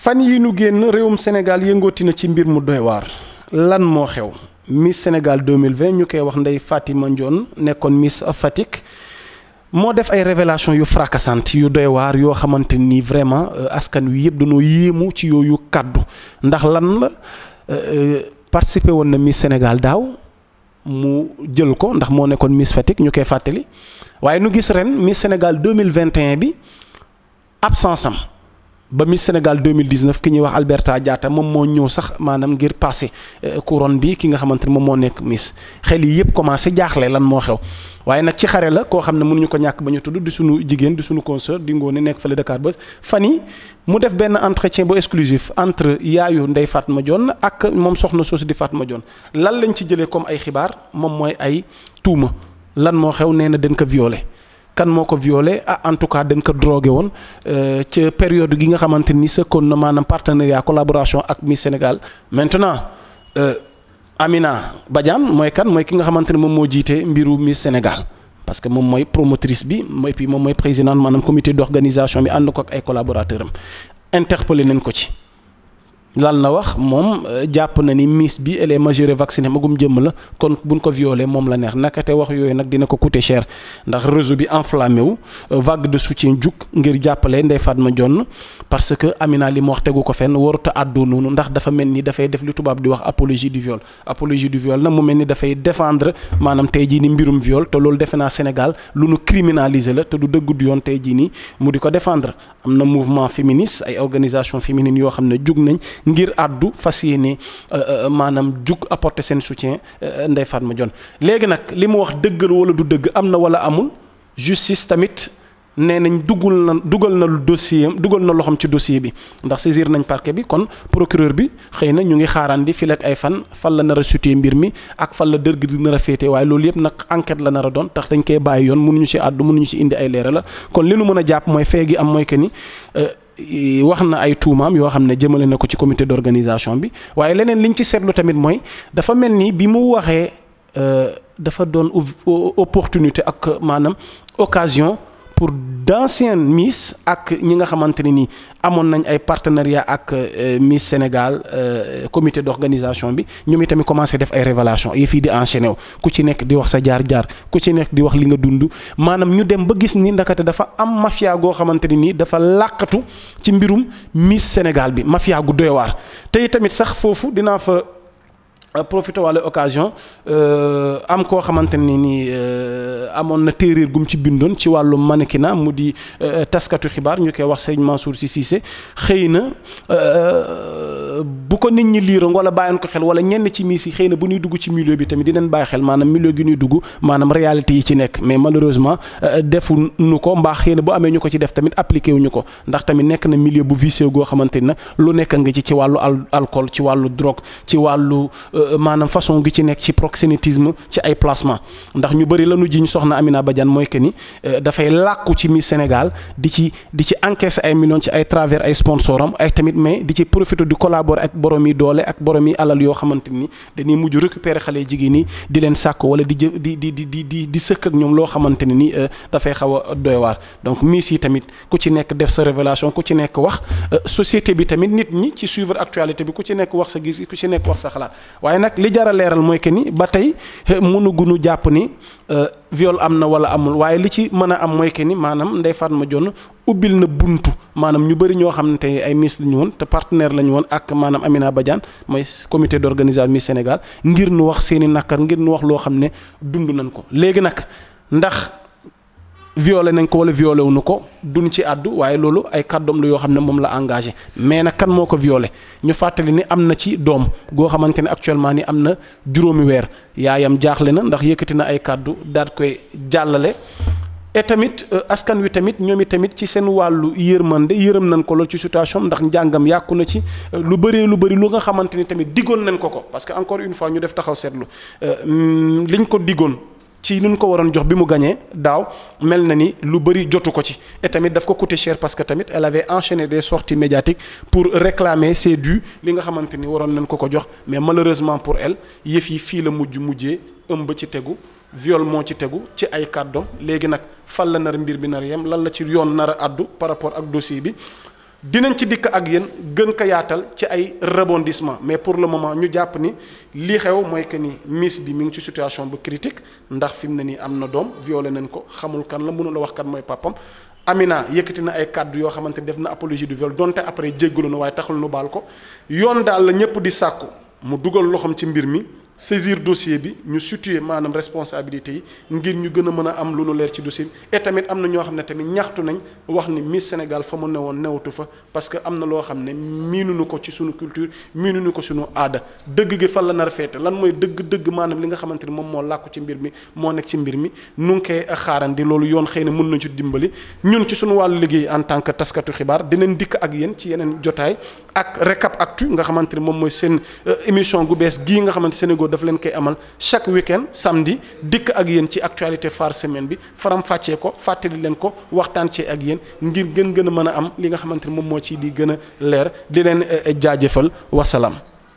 fan yi nu génn réewum Sénégal yëngooti na ci mbir mu doy waar lan moo xew Miss Sénégal 2020 ñu koy wax Ndeye Fatima Ndione nekkoon Miss Fatick moo def ay révélation yu fracassante yu doy waar yoo xamante ni vraiment euh, askan wi yëpp dañoo yéemu ci yooyu kàddu ndax lan la euh, euh, participer woon na Miss Sénégal daaw mu jël ko ndax moo nekkoon Miss Fatick ñu koy fàttali waaye nu gis ren Miss Sénégal 2021 bi absence am ba Miss Sénégal 2019 ki ñuy wax Alberta Diatta moom moo ñëw sax maanaam ngir passé euh, couronne bi ki nga xamante ni moom moo nekk Miss xel yi yëpp commencé jaaxle lan moo xew waaye nag ci xare la koo xam ne mënuñu ko ñàkk ba ñu tudd di sunu jigéen di sunu consœur di Ngoné nekk fële Dakar ba fan yi mu def benn entretien bu exclusif entre yaayu Ndeye Fatma Dione ak moom soxna soosu di faat ma Dione lan lañ ci jëlee comme ay xibaar moom mooy ay tuuma lan moo xew nee na dañ ko violé kan moo ko violé ah en tout cas dañ ko drogué woon euh, ca période gi nga xamante ni sëkkoon na maanaam partenariat collaboration ak Miss Sénégal maintenant euh, Amina Badiane mooy kan mooy ki nga xamante ne moom moo jiite mbiru Miss Sénégal parce que moom mooy promotrice bi et puis moom mooy présidente maanaam comité d'organisation bi ànd ko ak ay collaborateurs am interpellé nañ ko ci. lan la wax moom euh, jàpp na ni miss bi elle est majorée magum jëmm la kon buñ ko violé moom la neex nakate wax yooyu nag dina ko coûter cher ndax réseau bi enflammé wu euh, vague de soutien jug ngir jàppale Ndeye Fatma Dione parce que Amina li mu wax tegu ko fenn warut a àddoo noonu ndax dafa mel ni dafay def li tubaab di wax apologie du viol apologie du viol nag mu mel ni dafay défendre maanaam tey jii ni mbirum viol te loolu defe naa Sénégal lu nu criminaliser la te du dëgg yoon tey jii nii mu di ko défendre am na mouvement féministe ay organisation féminine yoo xam ne jug nañ ngir àddu fas yéene euh, euh, maanaam jug apporter seen soutien euh, Ndeye ma Dione léegi nag li mu wax dëggal wala du dëgg am na wala amul justice tamit nee nañ duggul na dugal na dossier dugal na loxoom ci dossier bi ndax saisir nañ parquet bi kon procureur bi xëy na ñu ngi xaaraan di fii ak ay fan fan la nara a sutee mbir mi ak fan la dër gi di nar a féete waaye loolu yëpp nag enquête la nar a doon tax dañ koy bàyyi yoon mënuñu ci àddu mënuñu ci indi ay leera la kon li nu mën a jàpp mooy fee gi am mooy que ni. Euh, wax na ay tuumaam yoo xam ne jëmale na ko ci comité d'organisation bi waaye leneen liñ ci seetlu tamit mooy dafa mel ni bi mu waxee euh, dafa doon opportunité ak maanaam occasion pour d'anciennes Miss ak ñi nga xamante ne ni amoon nañ ay partenariat ak euh, Miss Sénégal euh, comité d'organisation bi ñoom tamit commencé def ay révélation yi fii di enchaîné wu ku ci nekk di wax sa jaar-jaar ku ci nekk di wax li nga dund maanaam ñu dem ba gis ni ndakate dafa am mafia goo xamante ne ni dafa làqatu ci mbirum Miss Sénégal bi mafia gu doy waar te itamit sax foofu dinaa fa. Euh, profité wàllu occasion euh, am koo xamante ni nii euh, amoon na téeréer gum ci bindoon ci wàllu mannequinat mu di taskatu xibaar ñu koy wax sëñ Mansour si Cissé xëy na. bu ko nit ñi liiroon wala bàyyoon ko xel wala ñenn ci miis yi xëy bu ñuy dugg ci milieu bi tamit dinañ bàyyi xel maanaam milieu gi ñuy dugg maanaam réalité yi ci nekk mais malheureusement euh, defu nu ko mbaa xëy na bu amee ñu ko ci def tamit appliqué ñu ko ndax tamit nekk na milieu bu vicieux goo xamante ne lu nekk nga ci ci wàllu alcool ci wàllu drogue ci wàllu euh, maanaam façon gi ci nekk ci proxénétisme ci ay placement ndax ñu bëri la ñu jiñ soxna Amina Badiane mooy que ni euh, dafay làkku ci Miss Sénégal di ci di ci encaisser ay millions ci ay travers ay sponsor am ay tamit mais di ci profiter di collaborer ak borom yi doole ak borom yi alal yoo xamante ni dañuy mujj récupérer xale jigéen ñi di leen sàkk wala di jë di di di di di sëkk ak ñoom loo xamante ne ni euh, dafay xaw a doy donc miss yi tamit ku ci nekk def sa révélation ku ci nekk wax euh, société bi tamit nit ñi ci suivre actualité bi ku ci nekk wax sa gis ku ci nekk wax sa xalaat waaye nag li jar leeral mooy que ni ba tey euh, mënu jàpp ni viole am na wala amul waaye li ci mën a am mooy que ni maanaam Ndeye Fatma Dione ubbil na buntu. maanaam ñu bëri ñoo xamante ne ay miss lañu woon te partenaire lañu woon ak maanaam Amina Badiane mooy comité d'organisation Miss Sénégal ngir nu wax seeni i nakar ngir nu wax loo xam ne dund nañ ko léegi nag ndax violé nañ ko wala violé wuñu ko duñ ci àddu waaye loolu ay kàddoom la yoo xam ne moom la engagé mais nag kan moo ko viole ñu fàttali ni am na ci doom goo xamante ne actuellement ni am na juróomi weer yaayam jaaxle na ndax yëkkati na ay kàddu daal koy jàllale et tamit euh, askan wi tamit ñoom i tamit ci seen wàllu yërmande yërëm nañ ko lool ci situation ndax njàngam yàqu na ci euh, lu bëree lu bëri lu nga xamante ni tamit diggoon nañ ko ko parce que encore une fois ñu def taxaw seetlu euh, liñ ko diggoon ci nuñ ko waroon jox bi mu gañee daaw mel na ni lu bëri jotu ko ci et tamit daf ko coûté cher parce que tamit elle avait enchaîné des sorties médiatiques pour réclamer ses dus li nga xamante ni waroon nañ ko ko jox mais malheureusement pour elle yëf yi fii la mujj mujjee ëmb ci tegu viol moo ci tegu ci ay kàddoom léegi nag fan la nar mbir bi nar yem lan la ci yoon nar a àddu par rapport ak dossier bi dinañ ci dikk ak yéen gën ko yaatal ci ay rebondissement mais pour le moment ñu jàpp ni lii xew mooy que ni miss bi mu ngi ci situation bu critique ndax fi mu ne nii am na doom violé nañ ko xamul kan la mënul a wax kan mooy papam Amina yëkkati na ay kàddu yoo xamante def na apologie du viol donte après jéggalu na waaye taxul nu baal ko yoon daal la ñëpp di sàkku mu dugal loxoom ci mbir mi. saisir dossier bi ñu situer maanaam responsabilité yi ngir ñu gën a mën a am lu nu leer ci dossier bi et tamit am na ñoo xam ne tamit ñaxtu nañ wax ni Miss Sénégal fa mu newoon newatu fa parce que am na loo xam ne miinuñu ko ci sunu culture miinuñu ko sunu aada dëgg gi fan la nar feete lan mooy dëgg dëgg maanaam li nga xamante ni moom moo làkku ci mbir mi moo nekk ci mbir mi nu ngi koy xaarandi loolu yoon xëy na mën nañu ci dimbali ñun ci sunu wàllu liggéey en tant que taskatu xibaar dinañ dikk ak yéen ci yeneen jotaay ak récap actu nga xamante ni moom mooy seen euh, émission gu bees gii nga xamante Sénégal dafa leen koy amal chaque week-end samedi dikk ak yéen ci actualité phare semaine bi faram fàccee ko fàttali leen ko waxtaan cee ak yéen ngir gën gën a mën a am li nga xamante ni moom moo ci di gën a leer di leen eh, eh, jaajëfal wasalaam.